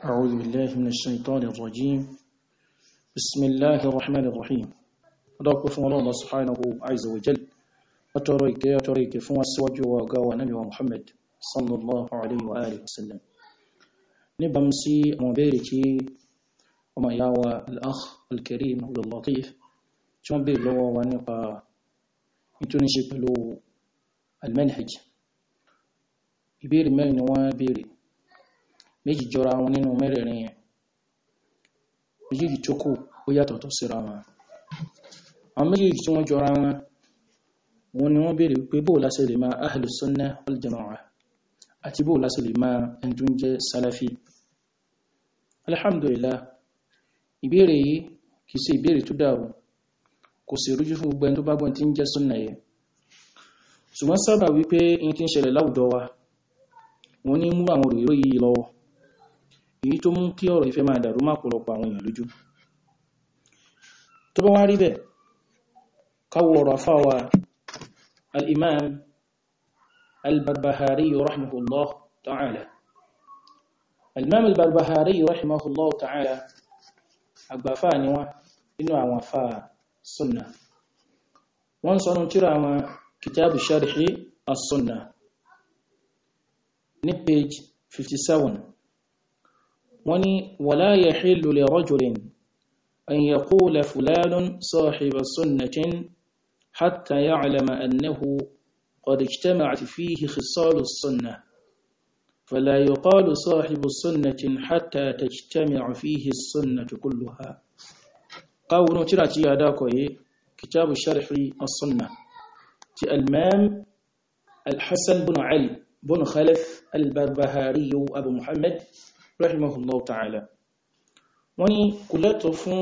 أعوذ بالله من الشيطان الرجيم بسم الله الرحمن الرحيم أدعوك فون الله سبحانه عز وجل أتريك يا تريك فون السواج وقاوى نبي محمد صلى الله عليه وآله وسلم نبمسي مباركي وما يعوى الأخ الكريم عبد اللطيف شو مبير لو ونقى يتونشي المنهج يبير مين وبيري méjì jọra wọn nínú mẹ́rẹ̀ẹ̀rin yẹn méjèèjì tó kù ó yàtọ̀tọ̀ síra wọn àwọn méjèèjì tí wọ́n jọra wọn wọn ni wọ́n béèrè pé bóò lásẹ̀ lè máa ahlu sunna wal jama'a àti bóò lásẹ̀ lè máa ẹni tó ń jẹ́ salafi alhamdulillah ìbéèrè yìí kì í ṣe ìbéèrè tó dáa kò sì rújú fún gbogbo ẹni tó bá gbọ́n tí ń jẹ́ sunna yẹn ṣùgbọ́n sábà wípé in ti ń ṣẹlẹ̀ láwùjọ wa wọ́n ní mú àwọn òròyìn lọ́wọ́ èyí tó mú kí ọ̀rọ̀ ìfẹ́ máa dàrú má pọ̀lọpọ̀ àwọn èèyàn lójú tó bá wá rí bẹ́ẹ̀ káwọ ọ̀rọ̀ afáwa al-imam al-barbahari rahimahullah ta'ala al-imam al-barbahari rahimahullah ta'ala àgbàfà ni wá nínú àwọn afá sunna wọ́n sọ sọ́nà tíra àwọn kitabu sharhi as-sunna ní page 57 وني ولا يحل لرجل أن يقول فلان صاحب سنة حتى يعلم أنه قد اجتمعت فيه خصال السنة فلا يقال صاحب السنة حتى تجتمع فيه السنة كلها قول تراتي يا كتاب الشرح السنة تألمام الحسن بن علي بن خلف البربهاري أبو محمد rahimahullahu ta'ala wọ́n ní kò lẹ́tọ̀ fún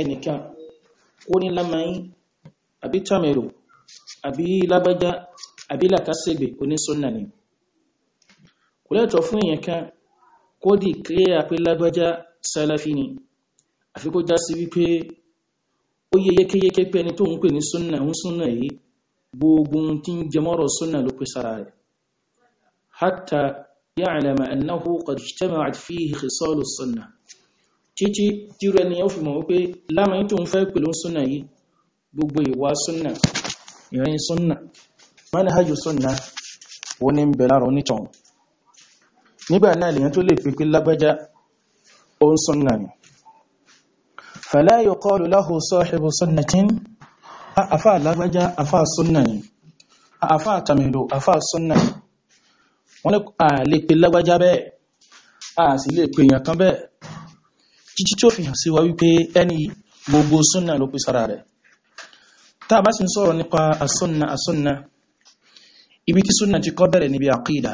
ẹnìkan kó ní lámáyí àbí tamero àbí lábájá àbí làkásẹ̀gbẹ̀ onísọ́nà ni kò lẹ́tọ̀ fún èèyàn kan kó dì kílẹ̀ àpé lábájá sálàfí ni àfi kó já sí wípé ó yẹ yékéyéké pé ẹni tó ń pè ní hatta يعلم أنه قد اجتمعت فيه خصال السنة títí tírú ẹni ó fi mọ̀ wípé lámà tó ń fẹ́ pẹ̀lú súnà yìí gbogbo ìwà súnà ìrìn súnà manhaju súnà ó ní ń bẹ lára onítọ̀hún nígbà náà lèyàn tó lè pípé lágbájá ó ń súnà ni fala yuqalu lahu sahibu sunnatin afá lágbájá afá súnà ni afá tàmìlò afá súnà ni wọ́n ní a lè pe lágbájá bẹ́ẹ̀ a sì lè pe èèyàn kan bẹ́ẹ̀ títí tí ó fi hàn sí wa wípé ẹni gbogbo súnà ló pè sára rẹ̀ tá a bá sì ń sọ̀rọ̀ nípa asúnà asúnà ibi tí súnà ti kọ́ bẹ̀rẹ̀ níbi àkídà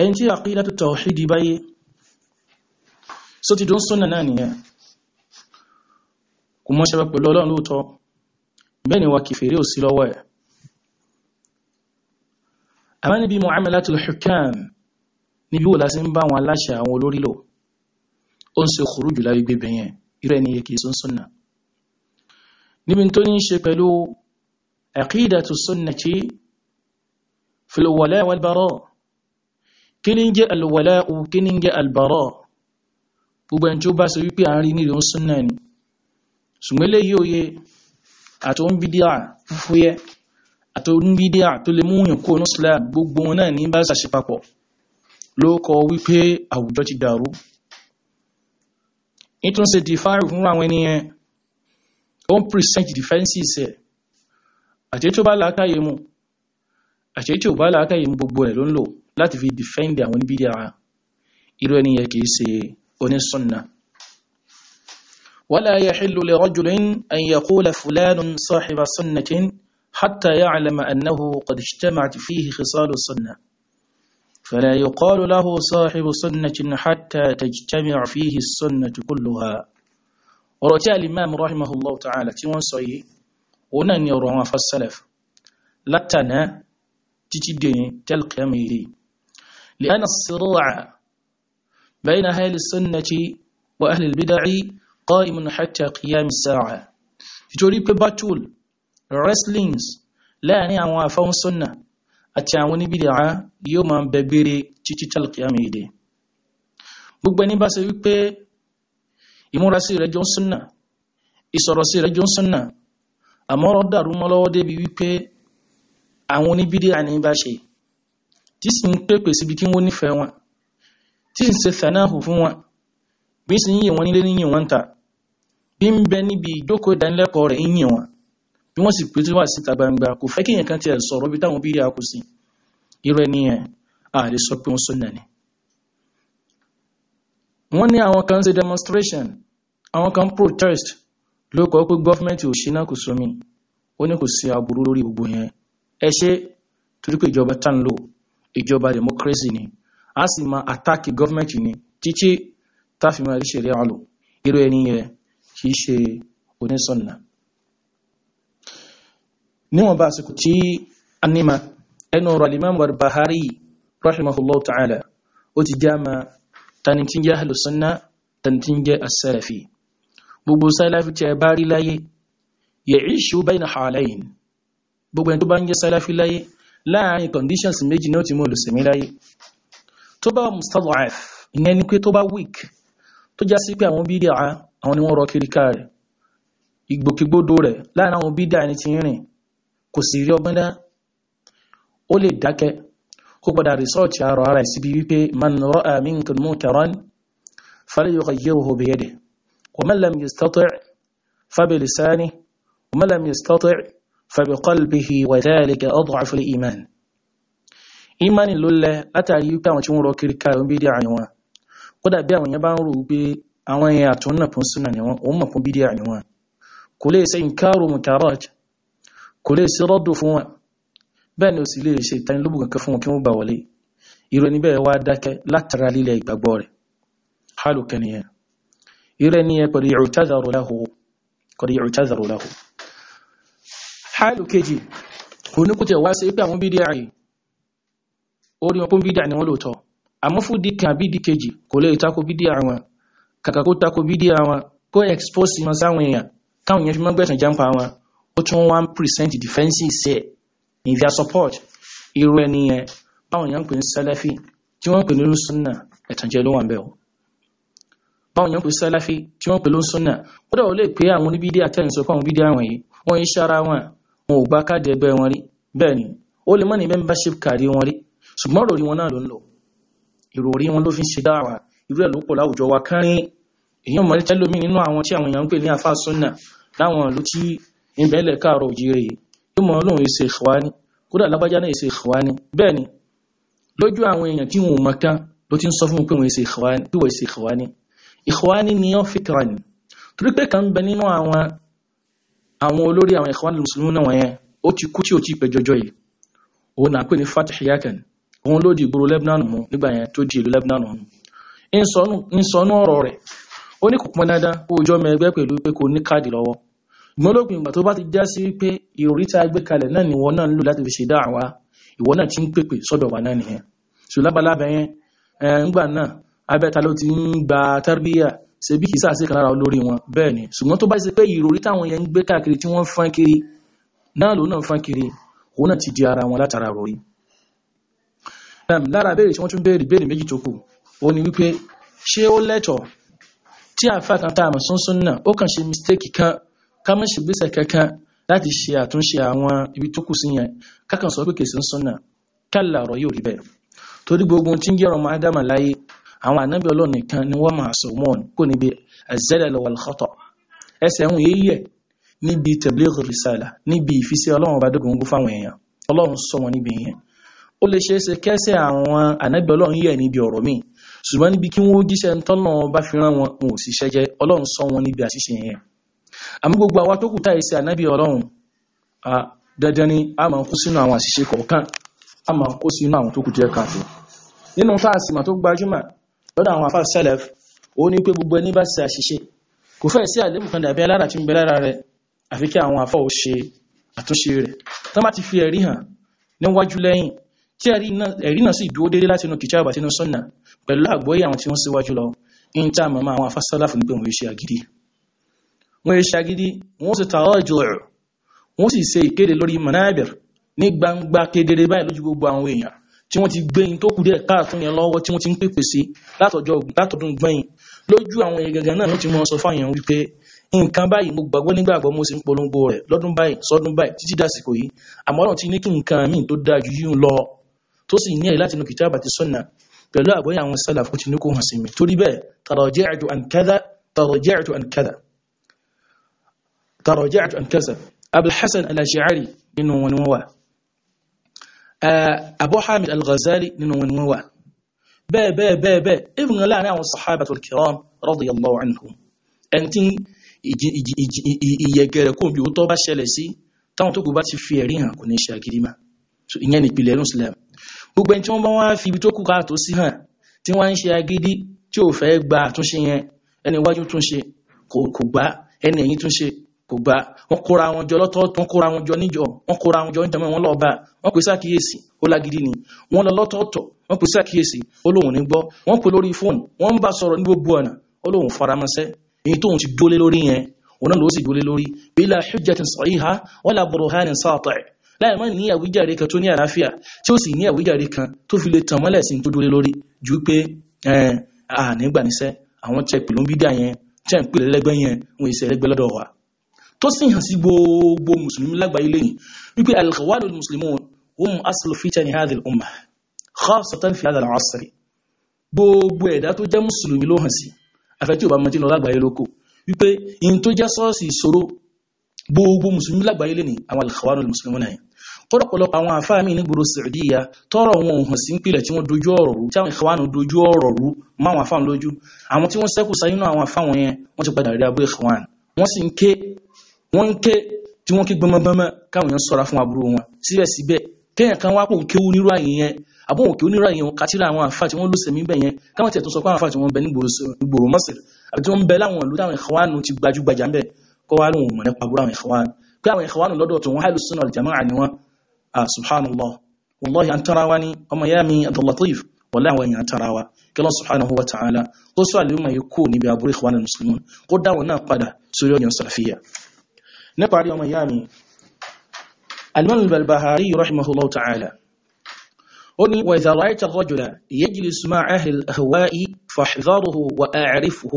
ẹni tí àkídà tó tawhidi wa kìfèrè ò àmọ́ níbi muamalatul hukam níbi wò lásì ń bá àwọn aláṣẹ àwọn olórí lò ó ń ṣe kúrú jùlá gbígbé bẹ̀yẹn irú ẹni yẹ kì í sún súnà níbi tó ní ṣe pẹ̀lú aqidatu sunnati fil wala wal bara kí ni jẹ́ alwala o kí ni jẹ́ albara gbogbo ẹni tó bá sọ wípé à ń rí ni ṣùgbọ́n eléyìí òye àtòun fúfúyẹ́ àti oníbídíà tó lè múyàn kó ní Islam gbogbo wọn náà ní bá ṣàṣe papọ̀ ló kọ wípé àwùjọ ti dàrú ìtúnṣe dìfáàrù fún àwọn ènìyàn ó ń present ẹ̀ àti tó bá làákàyè mu àti tí bá làákàyè mu gbogbo ẹ̀ ló ń lò láti fi defend àwọn oníbídíà irú ẹniyẹ kìí ṣe onísùnnà wala yahillu li rajulin an yaqula fulanun sahiba sunnatin حتى يعلم أنه قد اجتمعت فيه خصال السنة فلا يقال له صاحب سنة حتى تجتمع فيه السنة كلها ọ̀rọ̀ الإمام رحمه الله تعالى تيوان wọ́n ونن yìí في السلف ni ọ̀rọ̀ لأن الصراع بين أهل السنة وأهل البدع قائم حتى قيام الساعة في pé باتول wrestlings láàárín àwọn afọ́húnsúnnà àti àwọn oníbídíà yóò máa bẹ gbére títí tálkìyàmì èdè gbogbo ẹni bá ṣe wípé ìmúrasí rẹ̀ jọ ń súnnà ìsọ̀rọ̀sí rẹ̀ jọ ń súnnà àmọ́rọ̀ dàrú mọ́ lọ́wọ́ débi wípé àwọn oníbídíà ní bá ṣe tí sì ń pèpè síbi kí wọ́n nífẹ̀ẹ́ wọn tí sì ń ṣe thanáhù fún wọn bí sì ń yìn wọn nílé níyìn wọn ta bí ń bẹ níbi ìjókòó ìdánilẹ́kọ̀ọ́ rẹ̀ ń yìn wọn bí wọ́n sì pé tí wà síta gbangba kò fẹ́ kí èèyàn kan tiẹ̀ sọ̀rọ̀ bí táwọn bídíà kù sí irú ẹni yẹn a sọ pé wọ́n sọ̀nà ni. wọ́n ní àwọn kan ṣe demonstration àwọn kan protest ló kọ́ pé gọ́fìmẹ̀ntì ò ṣí náà kò sómi ó ní kò sí aburú lórí gbogbo yẹn ẹ ṣe torí pé ìjọba tán lò ìjọba democracy ni a sì máa àtàkì gọ́fìmẹ̀ntì ni títí táfi máa rí ṣẹ̀rí àlò irú ẹni yẹn kì í ṣe onísọ̀nà níwọ̀n bá àsìkò tí a níma ẹnu ọ̀rọ̀ alimam Barbahari rahimahullahu ta'ala ó ti já ma tanitin jẹ́ ahlùsánná tanitin jẹ́ asẹ́lẹ̀fì gbogbo sẹ́lẹ̀fì tí a bá rí láyé ya'ishu bayna halayn gbogbo ẹni tó bá ń jẹ́ sẹ́lẹ̀fì láyé láàrin conditions méjì náà ti mú olùsẹ̀mí láyé tó bá mustad'af ìyẹn ni pé tó bá weak tó já sí pé àwọn bídíà àwọn ni wọ́n rọ kiri káàrẹ̀ ìgbòkègbodò rẹ̀ láàrin àwọn bídíà ni ti rìn kò sì rí ọgbọ́n dá, ó lè dákẹ́ kó padà rìsọ́ọ̀tì àrọ̀ ara ìsibí wípé man ra'a minkum munkaran falyughayyirhu ìmánì ló lẹ látàrí wípé àwọn tí wọ́n rọ kiri ká ń bídí àní wọn kódà bí àwọn yẹn bá ń rò wípé àwọn ẹ̀yà àtúnnà fún súnà ni wọ́n ò mọ̀ fún bídí àní wọn kò lè ṣe ìkárò mùtàrọ́j kò lè sí rọ́dù fún wọn bẹ́ẹ̀ ni ò sì lè ṣe ìtanilóbù kankan fún wọn kí wọ́n gbà wọlé irú ẹni bẹ́ẹ̀ wá dákẹ́ látara lílẹ̀ ìgbàgbọ́ rẹ̀ hálù kẹniyàn irú ẹni yẹn pẹ̀lú ìrùtázàrò láhù láhù hálù kejì kò ní kò tẹ̀ wá sí pé àwọn ni wọ́n lóòótọ́ àmọ́ fún díkà àbí díkejì kò lè tako bídíà wọn kàkà kó tako wọn kó expose wọn sáwọn èèyàn káwọn fi mọ́ wọn ó tún wá ń present defences ẹ̀ in their support irú ẹni yẹn báwọn èèyàn ń pè ní sẹ́lẹ́fì tí wọ́n ń pè ní lóṣùnà ẹ̀tànjẹ ló wà ń bẹ̀ o báwọn èèyàn ń pè sẹ́lẹ́fì tí wọ́n ń pè lóṣùnà kódà ó lè pé àwọn oníbídíà àtẹ̀yìnsọ fún àwọn bídíà àwọn yìí wọ́n ń ṣára wọn wọn ò gba káàdì ẹgbẹ́ wọn rí bẹ́ẹ̀ ni ó lè mọ́ ní membership card wọn rí ṣùgbọ́n ìròrí wọn náà ló ń lò ìròrí wọn ló fi ń ṣe dáwà irú ẹ̀ ló pọ̀ láwùjọ wa kárín èèyàn mọ̀ nínú àwọn tí àwọn èèyàn ń pè ní àfáà súnà láwọn ìlú tí ìbẹ̀lẹ̀ káàrọ̀ òjìrè yìí yóò mọ ọlọ́run èsè ìfọ̀wání kódà lágbájá náà èsè ìfọ̀wání bẹ́ẹ̀ ni lójú àwọn èèyàn tí wọn ò mọ kán ló ti ń sọ fún mi pé wọn èsè ìfọ̀wání pé wọn èsè ìfọ̀wání ìfọ̀wání ni wọ́n fi kàn ní torí pé kàn ń bẹ nínú àwọn àwọn olórí àwọn ìfọ̀wání mùsùlùmí náà wọ̀nyẹn ó ti kú tí ò tí pẹ́ jọjọ yìí òun náà pè ní Fatih Yakan òun ló di ìgboro Lebanon mú nígbà yẹn tó di ìlú Lebanon mú ń sọnú ọ̀rọ̀ rẹ̀ ó ní kò pọn dandan kó o jọ́ mọ ẹgbẹ́ pẹ̀lú pé kò ní káàdì lọ́wọ́ ṣùgbọ́n lópin ìgbà tó bá ti já sí wípé ìròrí tá a gbé kalẹ̀ náà ni ìwọ náà ń lò láti fi ṣe dáàwá ìwọ náà ti ń pèpè sọ́dọ̀ wa náà nìyẹn ṣùgbọ́n lábalábẹ yẹn ńgbà náà abẹ́ta ló ti ń gba tarbiyya ṣebí kìí sáà sí kan lára olórí wọn bẹ́ẹ̀ ni ṣùgbọ́n tó bá ṣe pé ìròrí táwọn yẹn ń gbé káàkiri tí wọ́n fán kiri náà ló náà fán kiri òun náà ti di ara wọn látara ròrí. lára béèrè tí wọ́n tún béèrè béèrè méjì tó kù ó ní wípé ṣé ó lẹ́tọ̀ọ́ tí àáfàá kan tá a mọ̀ sún sún náà ó kàn ṣe mistake kan ká má ṣe gbésẹ̀ kankan láti ṣe àtúnṣe àwọn ibi tó kù sí yẹn kákan sọ pé kèsì ń sọnà kálà ọ̀rọ̀ yóò rí bẹ́ẹ̀ torí gbogbo ohun tí ń jẹ́ ọmọ ádámà láyé àwọn ànábì ọlọ́run nìkan ni wọ́n máa sọ mọ́ọ̀n kó níbi az-zalal wal ẹsẹ̀ ń yíyẹ̀ níbi tabligh risala níbi ìfisẹ́ ọlọ́run ọba dógóńgó fáwọn èèyàn ọlọ́run sọ wọn níbi yẹn ó lè ṣeé ṣe kẹ́sẹ̀ àwọn ànábì ọlọ́run yẹ̀ níbi ọ̀rọ̀ míì ṣùgbọ́n níbi kí wọ́n jíṣẹ́ ń tọ́nà bá àmọ́ gbogbo àwa tó kù táyé sí ànábì ọlọ́run dandan ni a máa kó sínú àwọn àṣìṣe kọ̀ọ̀kan a máa kó sínú àwọn tó kù díẹ̀ káàtó nínú fáàsì mà tó gbajúmọ̀ lọ́dọ̀ àwọn afá sẹ́lẹ̀f ó ní pé gbogbo ẹni bá ṣe àṣìṣe kò fẹ́ sí àlébù kan dàbí alára tí ń bẹ lára rẹ̀ àfi kí àwọn afá ò ṣe àtúnṣe rẹ̀ tó má ti fi ẹ̀rí hàn níwájú lẹ́yìn tí ẹ̀rí náà sì dúró déédéé látinú kìtàbù àtinú sọ́nà pẹ̀lú àgbọ́yé àwọn tí wọ́n síwájú lọ ń tá àmọ́ àwọn afá sẹ́lẹ̀f ní pé wọ́n ṣe àgídí wọ́n ṣagídí wọ́n sì tààrọ ìjọrọ̀ wọ́n sì ṣe ìkéde lórí manabir ní gbangba kedere báyìí lójú gbogbo àwọn èèyàn tí wọ́n ti gbẹ̀yìn tó kù díẹ̀ káàtún yẹn lọ́wọ́ tí wọ́n ti ń pèpè sí látọ̀dún gbẹ̀yìn lójú àwọn èèyàn gangan náà ló ti mọ sọ fáyẹn wípé nǹkan báyìí mo gbàgbọ́ nígbàgbọ́ mo sì ń polongo rẹ̀ lọ́dún báyìí sọ́dún báyìí títí dàsìkò yìí àmọ́ ọ̀nà ti ní kí nǹkan míì tó dáa ju yíyún lọ tó sì ní ẹ̀rí láti inú kìtàbà sọ́nà pẹ̀lú àgbọ́yé àwọn sálàfù tí ní kò hàn sí mi torí bẹ́ẹ̀ tàrọ̀jẹ́ àjò àǹkádà tàrọ̀jẹ́ àjò àǹkádà تراجعت عن كسب أبو الحسن الأشعري nínú wọn ni wọ́n wà Abu Hamid al-Ghazali nínú wọn ni wọ́n wà bẹ́ẹ̀ bẹ́ẹ̀ bẹ́ẹ̀ bẹ́ẹ̀ ibùn láàrin àwọn sahabatul kiram radiyallahu anhum ẹni tí ìyẹ̀gẹ̀rẹ̀ kò bí ó tọ́ bá ṣẹlẹ̀ sí táwọn tó kù bá ti fi ẹ̀rí hàn kò ní ṣe àgírímà ìyẹn ni ìpìlẹ̀ Islam gbogbo ẹni tí wọ́n bá wá fi ibi tó kù káàtó sí hàn tí wọ́n ń ṣe agídí tí ò fẹ́ gba àtúnṣe yẹn ẹni iwájú túnṣe kò gbá ẹni ẹ̀yìn túnṣe kò gbà wọ́n kóra wọn jọ lọ́tọ̀ọ̀tọ̀ wọ́n kóra wọn jọ níjọ wọ́n kóra wọn jọ níjọ mẹ́wọ́n lọ́ọ́ bá wọ́n pèsè àkíyèsí ó lágídí ni wọ́n lọ lọ́tọ̀ọ̀tọ̀ wọ́n pèsè àkíyèsí ó lóun ní gbọ́ wọ́n pè lórí fóònù wọ́n ń bá sọ̀rọ̀ ní gbogbo ọ̀nà ó lóun faramọ́sẹ́ èyí tóun ti dólé lórí yẹn òun náà ló sì dólé lórí bila hujjatin sahiha wala burhanin sati' láì má ní àwíjàre kan tó ní àlàáfíà tí ó sì ní àwíjàre kan tó fi lè tàn mọ́lẹ̀ sí tó dólé lórí ju pé ànígbàníṣẹ́ eh, àwọn tẹ́ pè ló ń bí dà yẹn ń pè ìṣẹ̀lẹ́gbẹ́ lọ́dọ̀ wa tó sì hàn sí gbogbo mùsùlùmí lágbàáyé lẹ́yìn wípé al-khawarij muslimun hum aslu fitani hadhihi al-ummah khasatan fi hadha al-asr gbogbo ẹ̀dá tó jẹ́ mùsùlùmí ló hàn sí àfẹ́tí ò bá mọ́tí lọ lágbàáyé lóko wípé in tó jẹ́ sọ́ọ̀sì ìṣòro gbogbo mùsùlùmí lágbàáyé lẹ́ni àwọn al-khawarij muslimun náà kọ́dọ̀pọ̀lọpọ̀ àwọn àfáà mi nígboro Saudiya tọrọ wọn ò hàn sí ń pilẹ̀ tí wọ́n dojú ọ̀rọ̀ rú tí àwọn Ikhwan dojú ọ̀rọ̀ rú mọ́ àwọn àfáà lójú àwọn tí wọ́n sẹ́kù sáyé náà àwọn àfáà yẹn wọ́n ti padà rí abúlé Ikhwan wọ́n sì ń ké wọ́n ń ké tí wọ́n ké gbọmọgbọmọ káwọn èèyàn sọ́ra fún aburú wọn síbẹ̀síbẹ̀ kéèyàn kan wá pòun kéwú nírú àyè yẹn àbóhùn kéwú nírú àyè wọn kátìrà àwọn àfà tí wọ́n lò sẹ̀mí bẹ̀ yẹn káwọn tiẹ̀ tó sọ pé àwọn àfà tí wọ́n bẹ nígboro mọ́sẹ̀rẹ̀ àbí tí wọ́n bẹ láwọn ìlú táwọn ìkọ̀wánu ti gbajúgbajà ń bẹ̀ kọ́ wá lóun mọ̀ nípa aburú àwọn ìkọ̀wánu pé àwọn ìkọ̀wánu lọ́dọ̀ tó wọ́n hàlù sínú àlìjàmáà ni wọ́n ah, kó dáwọn náà padà sórí ọ̀yàn sàfihàn نباري أمي يامي المن البهاري رحمه الله تعالى وإذا رأيت الرجل يجلس مع أهل الأهواء فاحذره وأعرفه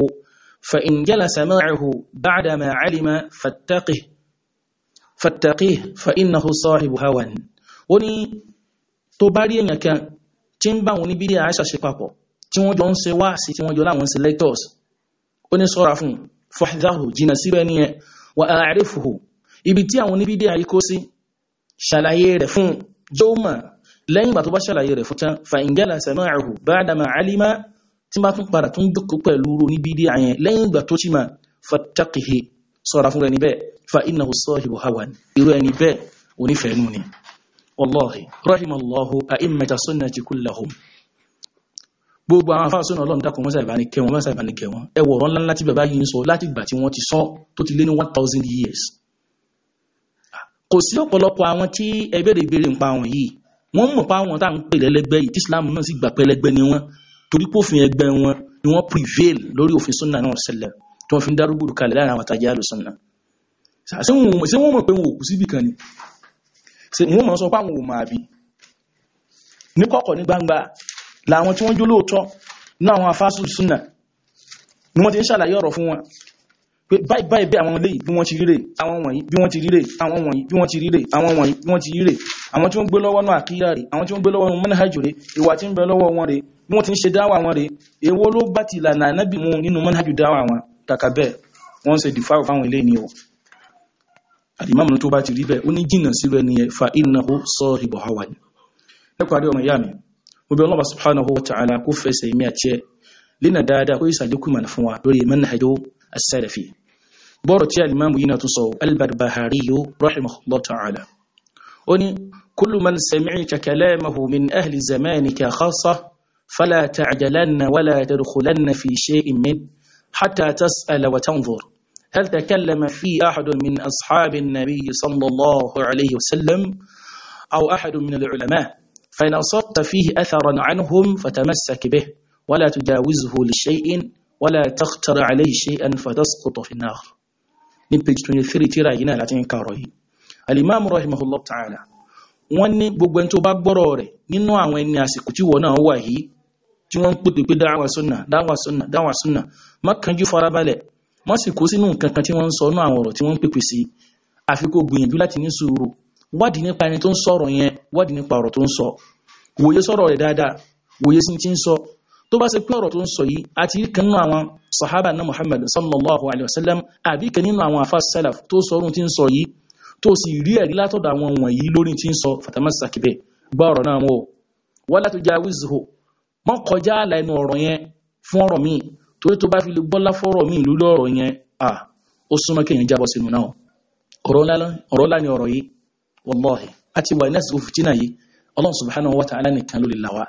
فإن جلس معه بعدما علم فاتقه فاتقه فإنه صاحب هوى وني توباري نكا تيمبا وني بيدي عيسى شيباكو تيمو جون سي واسي تيمو جولا وان سيلكتوس وني صرافون فاحذره جنسيبني wa a'rifuhu ibi tí àwọn oníbídé àrí kó sí ṣàlàyé rẹ̀ fún jọ́mà lẹ́yìn bá tó bá ṣàlàyé rẹ̀ fún tán fa ingala sama'ahu ba'dama alima tí bá tún padà tún dùkú pẹ̀lú oníbídé àyẹn lẹ́yìn ìgbà tó ti ma fattaqihi sọ́ra fún ẹni bẹ́ẹ̀ fa innahu sahibu hawan irú ẹni bẹ́ẹ̀ onífẹ̀ẹ́nu ni gbogbo àwọn afáàsùn náà ọlọ́run dákun mọ́sá ìbáni kẹ́ wọn mọ́sá ìbáni kẹ́ wọn ẹ wọ̀rọ̀ ńláńlá tí bàbá yìí ń sọ láti ìgbà tí wọ́n ti sọ tó ti lé ní one thousand years. kò sí ọ̀pọ̀lọpọ̀ àwọn tí ẹ béèrè ìbéèrè ń pa àwọn yìí wọ́n mọ̀ pa àwọn tá à ń pè lẹ́lẹ́gbẹ́ yìí tí Islam náà sì gbà pẹ́lẹ́gbẹ́ ni wọ́n torí pé òfin ẹgbẹ́ wọn ni wọ́n prevail lórí òfin sunna náà ṣẹlẹ̀ tí wọ́n fi ń darúgbòrò kalẹ̀ láàrin àwọn àtàjẹ́ àlùsọ̀nà ṣé wọ́n mọ̀ pé wọn ò kú síbì kan ni wọ́n mọ̀ sọ pé àwọn ò máa bí ní kọ̀kọ̀ ní gbangba láwọn tí wọ́n jó lóòótọ́ ní àwọn afásù súnà ni wọ́n ti ń ṣàlàyé ọ̀rọ̀ fún wọn pé báyìí báyìí bí àwọn eléyìí bí wọ́n ti ríre àwọn wọ̀nyí bí wọ́n ti ríre àwọn wọ̀nyí bí wọ́n ti ríre àwọn wọ̀nyí bí wọ́n ti ríre àwọn tí wọ́n gbé lọ́wọ́ náà àkíyà rè àwọn tí wọ́n gbé lọ́wọ́ náà manhaj rè ìwà tí ń bẹ lọ́wọ́ wọn rè bí wọ́n ti ń ṣe dáwà wọn rè èwo ló bá ti lànà ànábì mu nínú manhaj dáwà wọn kàkà bẹ́ẹ̀ wọ́n ṣe dìfáwò fáwọn eléyìí ni o àdìmọ́mù tó bá ti rí bẹ́ẹ̀ ó ní jìnnà sílẹ̀ ni ẹ̀ fa innahu sahibu hawa ni ẹ parí ọmọ ìyá mi gbogbo ọlọ́ba subhanahu wa ta'ala kó fẹsẹ̀ èmi àti ẹ lẹ́nà dáadáa kó ìsàlẹ̀ kú mànà fún wa lórí manhajú as-salafi bọ́rọ̀ tí alimamu yìí na tún sọ albarbahari yóò rahimahullah ta'ala ó ní kullu man sami'ta kalamahu min ahli zamanika khassa fala ta'jalanna wala tadkhulanna fi shay'in min hatta tas'ala wa tanzur هل تكلم في أحد من أصحاب النبي صلى الله عليه وسلم أو أحد من العلماء فإن أصبت فيه أثرا عنهم فتمسك به ولا تجاوزه لشيء ولا تختر عليه شيئا فتسقط في النار ní page 23 tíra yìí náà láti ń kàrọ̀ yìí alimamu rahimahullah ta'ala wọ́n ní gbogbo tó bá gbọ́rọ̀ rẹ̀ nínú àwọn ẹni àsìkò tí wọ́n náà wà yìí tí wọ́n ń pètè pé dáwà súnà dáwà súnà dáwà súnà má farabalẹ̀ má sínú nǹkan kan tí wọ́n ń sọ nínú àwọn ọ̀rọ̀ tí wọ́n ń pèpè sí àfi gbìyànjú láti ní sùúrù wádìí nípa ẹni tó ń sọ̀rọ̀ yẹn wádìí nípa ọ̀rọ̀ tó ń sọ wòye sọ̀rọ̀ rẹ̀ dáadáa wòye sí ti ń sọ tó bá ṣe pé ọ̀rọ̀ tó ń sọ yìí àti kan nínú àwọn sahaba na muhammad sallallahu alayhi wa sallam àbí kan nínú àwọn afa salaf tó sọ̀rọ̀ tí ń sọ yìí tó sì rí ẹ̀rí látọ̀dọ̀ àwọn wọ̀nyí lórí tí ń sọ fatamassak bihi gbá ọ̀rọ̀ náà wọ̀ wala tujawizhu mọ́ kọjá àlà ẹnu ọ̀rọ̀ yẹn fún ọ̀rọ̀ míì torí tó bá fi lè bọ́lá fọ́rọ̀ míì lórí ọ̀rọ̀ yẹn ó súnmọ́ kéèyàn jábọ̀ sínú náà ọ̀rọ̀ ńlá ni ọ̀rọ̀ yìí wallahi àti wà nẹ́sì òfìtínà yìí Allah subhanahu wa ta'ala nìkan ló lè là wá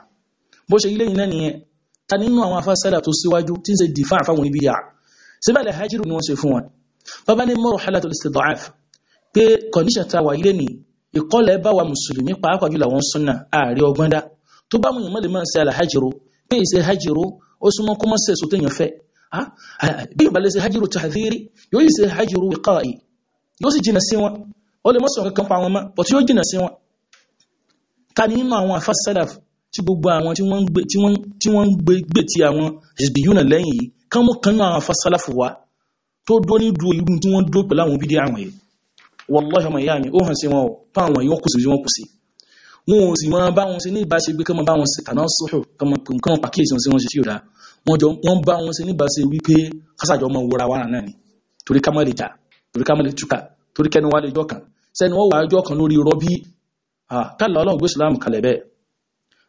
bó ṣe ilé iná nìyẹn ta nínú àwọn afásẹ́lá tó síwájú tí ń ṣe dìfà àfáwọn ibi yà síbẹ̀lẹ̀ hajiru ni wọ́n ṣe fún wọn bàbá ní mọ́rọ̀ hálà tó lè ṣe dọ̀áf pé kọ̀díṣà ta wà ilé ni ìkọlẹ̀ bá wa mùsùlùmí pàápàá jùlọ àwọn súnà ààrẹ ọgbọ́n dá tó bá mùyàn mọ́lẹ̀ máa ń ṣe alhajiru pé ìṣe hajiru ó súnmọ́ kó mọ́ ṣe èso téèyàn fẹ́ bí ìbálẹ̀ ṣe hajiru tahdhiri yóò ṣe hajiru wiqa'i yóò sì jìnà sí wọn ó lè mọ́sàn kankan pa wọn mọ́ bọ̀ tí ó jìnà sí wọn ká ní nínú àwọn afásẹ́là tí gbogbo àwọn tí wọ́n ń gbé ti àwọn ìsìbìyúnà lẹ́yìn yìí kán mọ́ kan nínú àwọn afásẹ́là wá tó dó ní dúró irú tí wọ́n dó pẹ̀lú àwọn bídí àwọn yìí wallahi ọmọ ìyá mi ó hàn sí wọn ò pa àwọn yìí wọ́n kù sí bí wọ́n kù sí wọn ò sì máa bá wọn ṣe ní ìbáṣegbé kán máa bá wọn ṣe tàná sọ̀rọ̀ kán máa pàkíyèsí wọn sí wọn ṣe sí òdà wọn jọ wọn bá wọn ṣe ní ìbáṣe wípé kásàjọ máa wọra wàrà náà ni torí ká má lè jà torí ká má lè túkà torí kẹ́ni wá léjọ́ kan sẹ́ni wọ́n wà ájọ́ kan lórí rọ́bí kálá ọlọ́run gbé islam kalẹ̀ bẹ́ẹ̀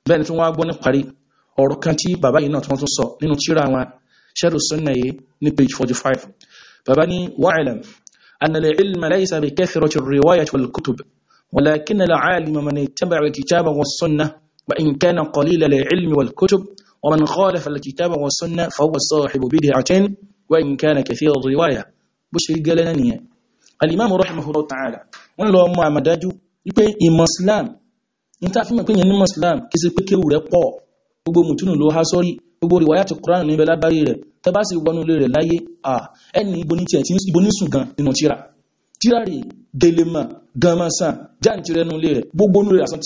bẹ́ẹ̀ ni tí wọ́n á gbọ́ ní parí ọ̀rọ̀ kan tí bàbá yìí náà tí wọ́n tún sọ nínú tíra wọn ṣẹ́rù sunna yìí ní page 45 bàbá ní wa'lam أن العلم ليس بكثرة الرواية والكتب ولكن العالم من اتبع الكتاب والسنة وإن كان قليل العلم والكتب ومن خالف الكتاب والسنة فهو صاحب بدعة وإن كان كثير الرواية بشي قال alimamu rahimahullahu ta'ala wọ́n lọ mọ àmàdájú wípé ìmọ̀ islam ní tá a fi mọ̀ pé yẹn ní mọ̀ islam kì í ṣe pé kéwù rẹ̀ pọ̀ gbogbo mùtúnù ló há sórí gbogbo rìwáyà ti kúránù níbẹ̀ lágbáyé rẹ̀ tẹ́ bá sì wọnú ilé rẹ̀ láyé ẹni ibo ní tiẹ̀ tí ibo ní sùn gan nínú tíra tíra rè gèlè mọ̀ gan mọ̀ sàn jáǹtì rẹ̀ nulẹ̀ rẹ̀ gbogbo nulẹ̀ àsán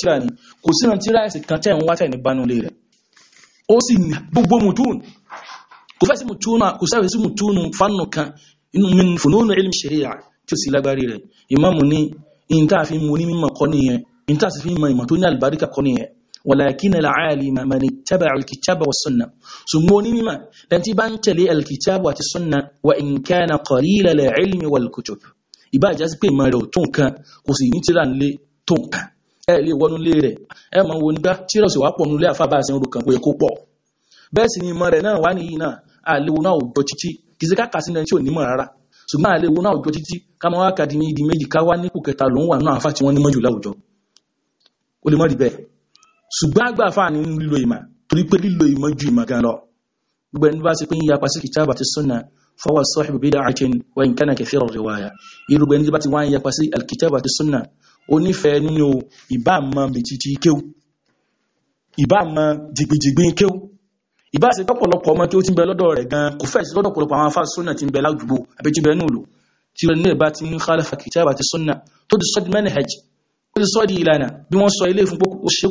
tí ó sì lágbárí rẹ̀ ìmáàmù ní in tá fi mú onímọ̀ kọ́ nìyẹn in tá sì fi mọ ìmọ̀ tó ní àlùbáríkà kọ́ nìyẹn walakin al-alima man ittaba'a al-kitaba wa sunna ṣùgbọ́n onímọ̀ lẹ́ni tí bá ń tẹ̀lé al-kitaba àti sunna wa in kana qalila al-ilmi wal-kutub ìbá ìjà sí pé ìmọ̀ rẹ̀ ò tó nǹkan kò sì ní tíra nílé tó nǹkan ẹ lè wọnú lé rẹ̀ ẹ mọ̀ wo nígbà tí sì wá pọ̀ nílé àfábà sí orúkàn pé kó pọ̀ bẹ́ẹ̀ sì ni ìmọ̀ rẹ̀ náà wá nìyí náà àlewo náà ò jọ títí kìí sí tí ò nímọ̀ rárá ṣùgbọ́n àlè wo náà àwùjọ títí ká máa wá kàdí ní ìdí méjì ká wá nípò kẹta ló ń wà náà àfà tí wọ́n ní mọ́jù láwùjọ ó lè mọ́ rí bẹ́ẹ̀ ṣùgbọ́n àgbà àfà ní lílo ìmọ̀ torí pé lílo ìmọ̀ ju ìmọ̀ gan lọ gbogbo ẹni bá ṣe pé ń yapa sí kìtàbà ti sunna فهو صاحب بدعة وإن كان كثير الرواية يروي بن جبت وان يقاسي الكتابة السنة oni fe ninu iba ma bititi kew iba ma jigbijigbi kew ìbáṣe tọ́pọ̀lọpọ̀ ọmọ tí ó ti ń bẹ lọ́dọ̀ rẹ̀ gan kò fẹ́ sí lọ́dọ̀ pọ̀lọpọ̀ àwọn afáà sunna ti ń bẹ lájúgbò àbí ti bẹ nù lò tí ó nílẹ̀ bá ti ń khalafa kitaba àti sunna tó ti sọ́ di manhaj ó ti sọ́ di ìlànà bí wọ́n sọ ilé fún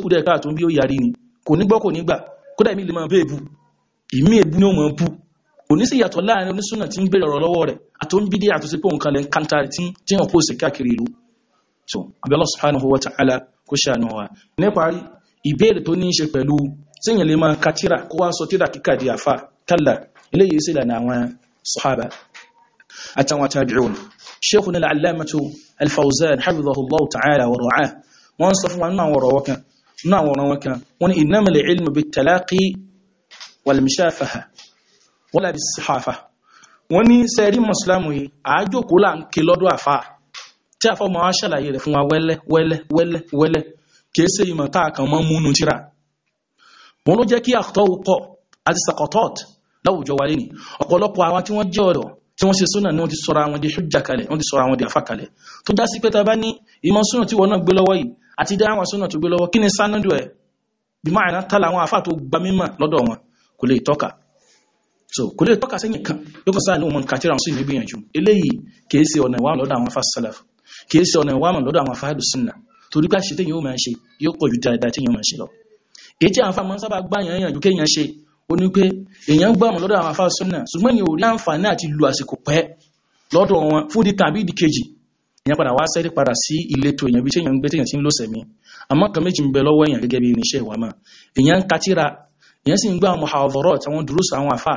ó dẹ̀ káàtó bí ó yàrí ni kò ní gbọ́ kò ní gbà kódà ìmí lè máa bẹ́ẹ̀ bu ìmí èbú ni ó máa bu kò ní sí ìyàtọ̀ láàrin onísùnà tí ń bèrè ọ̀rọ̀ lọ́wọ́ so abẹ́lá subhanahu wa ta'ala kó ṣàánú wa níparí ìbéèrè tó ní í ṣe pẹ̀lú síyàn lè máa ka tíra kó wá sọ tíra kíkà di àfà kálà eléyìí sí ìlànà àwọn sọ̀hábà àtàwọn tabi'un sheikhu ní al'alamatu al-fawzan hafizahullahu ta'ala wa ra'ah wọ́n sọ fún wa nínú àwọn ọ̀rọ̀ wọ́kan nínú àwọn ọ̀rọ̀ wọ́kan wọ́n ní innama al-ilmu bit-talaqi wal-mishafaha wala wọ́n wọn ló jẹ́ kí àtọ́ pọ̀ àti sàkọ̀tọ́t láwùjọ wa lẹ́ni ọ̀pọ̀lọpọ̀ àwọn tí wọ́n jẹ́ ọ̀dọ́ tí wọ́n ṣe súnà ni wọ́n ti sọra wọn di hujja kalẹ̀ wọ́n ti sọra wọn di àfa kalẹ̀ tó dá sí pé ta bá ní ìmọ̀ súnà tí wọ́n náà gbé lọ́wọ́ yìí àti dá àwọn súnà tó gbé lọ́wọ́ kí ni sánádù ẹ̀ bí máa ná tala àwọn àfa tó gba mímọ̀ lọ́dọ̀ wọn kò lè tọ́ka so kò lè tọ́ka sẹ́yìn kan yóò kọ́ sáà ní òun kàtírà wọn sì ní gbìyànjú eléyìí kìí ṣe ọ̀nà ìwà lọ́dọ̀ àwọn afa salaf kìí ṣe ọ̀nà ìwà lọ́dọ̀ àwọn afa àdùsùnà torí pé àṣetẹ́yìn yóò máa ṣe yóò pọ̀ ju dáadáa tẹ́yìn yóò máa ṣe lọ èyí tí àwọn afá máa ń sábà gbà yàn yànjú kéèyàn ṣe ó ní pé èèyàn gbà mọ̀ lọ́dọ̀ àwọn afá súnà ṣùgbọ́n ni ò rí àǹfààní àti lu àsìkò pẹ́ lọ́dọ̀ wọn fún di tàbí ìdí kejì èèyàn padà wá sẹ́rí padà sí ìletò èèyàn bí téèyàn ń gbé téèyàn ti ń lò sẹ̀mí àmọ́ kan méjì ń bẹ lọ́wọ́ èèyàn gẹ́gẹ́ bí irinṣẹ́ ìwà mọ́ èèyàn ń katíra èèyàn sì ń gbọ́ àwọn muhadarat àwọn dùrúsù àwọn àfà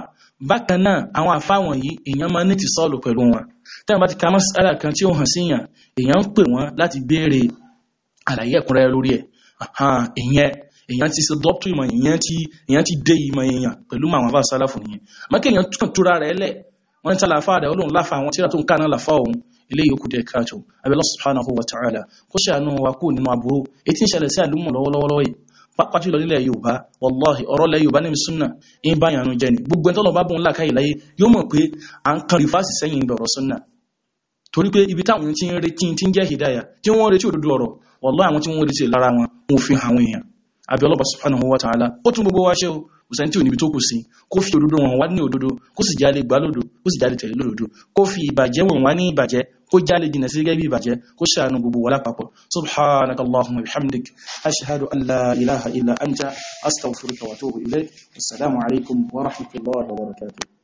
bákan náà àwọn àfà wọ̀nyí èèyàn máa ní ti sọ́ọ̀lù pẹ̀lú wọn tẹ́wọ̀n bá ti ka mọ́sálà kan tí ó hàn síyàn èèyàn ń pè wọ́n láti béèrè àlàyé ẹ̀kúnrẹ́rẹ́ lórí ẹ̀ èyàn ti ṣe dọ́pù ìmọ̀ èyàn ti dé ìmọ̀ èyàn pẹ̀lú àwọn àfáà sálàfù nìyẹn mọ́kẹ́ èyàn tún tóra rẹ̀ lẹ̀ wọ́n tà láfáà rẹ̀ olóhùn láfa àwọn tíra tó ń kánà láfa òun ilé yòókù dẹ̀ káàtó abẹ́lọ́ subhanahu wa ta'ala kó ṣàánú wa kú nínú aburú etí ń ṣẹlẹ̀ sí àlùmọ̀ lọ́wọ́lọ́wọ́ yìí pàápàá jùlọ nílẹ̀ yorùbá wàláhì ọ̀rọ̀ lẹ̀ yorùbá nínú súnà ń bá yànnú jẹ ni gbogbo ẹni tọ́lọ́ bá bùn láàkáyè láyé yóò mọ̀ pé à ń kan rìfáàsì sẹ́yìn ìbẹ̀rọ̀ súnà torí pé ibi táwọn ti ń retí ti ń jẹ́ hìdáyà tí wọ́n retí òdodo ọ̀rọ̀ wàláhì àwọn tí wọ́n retí lára wọn wọn fi hàn àwọn àbí Allah subhanahu wa ta'ala ó tún gbogbo wa ṣe o òsàn tí ò níbi tó kù sí kó fi òdodo wọn wá ní òdodo kó sì jáde gbá lòdò kó sì jáde tẹ̀lé lòdò kó fi ìbàjẹ́ wọn wá ní ìbàjẹ́ kó jáde jìnà sí gẹ́gẹ́ bí ìbàjẹ́ kó ṣàánú gbogbo wa lápapọ̀ subhanaka allahumma bihamdik ashhadu an ilaha illa anta astaghfiruka wa atubu ilayk assalamu alaikum wa rahmatullahi wa barakatuh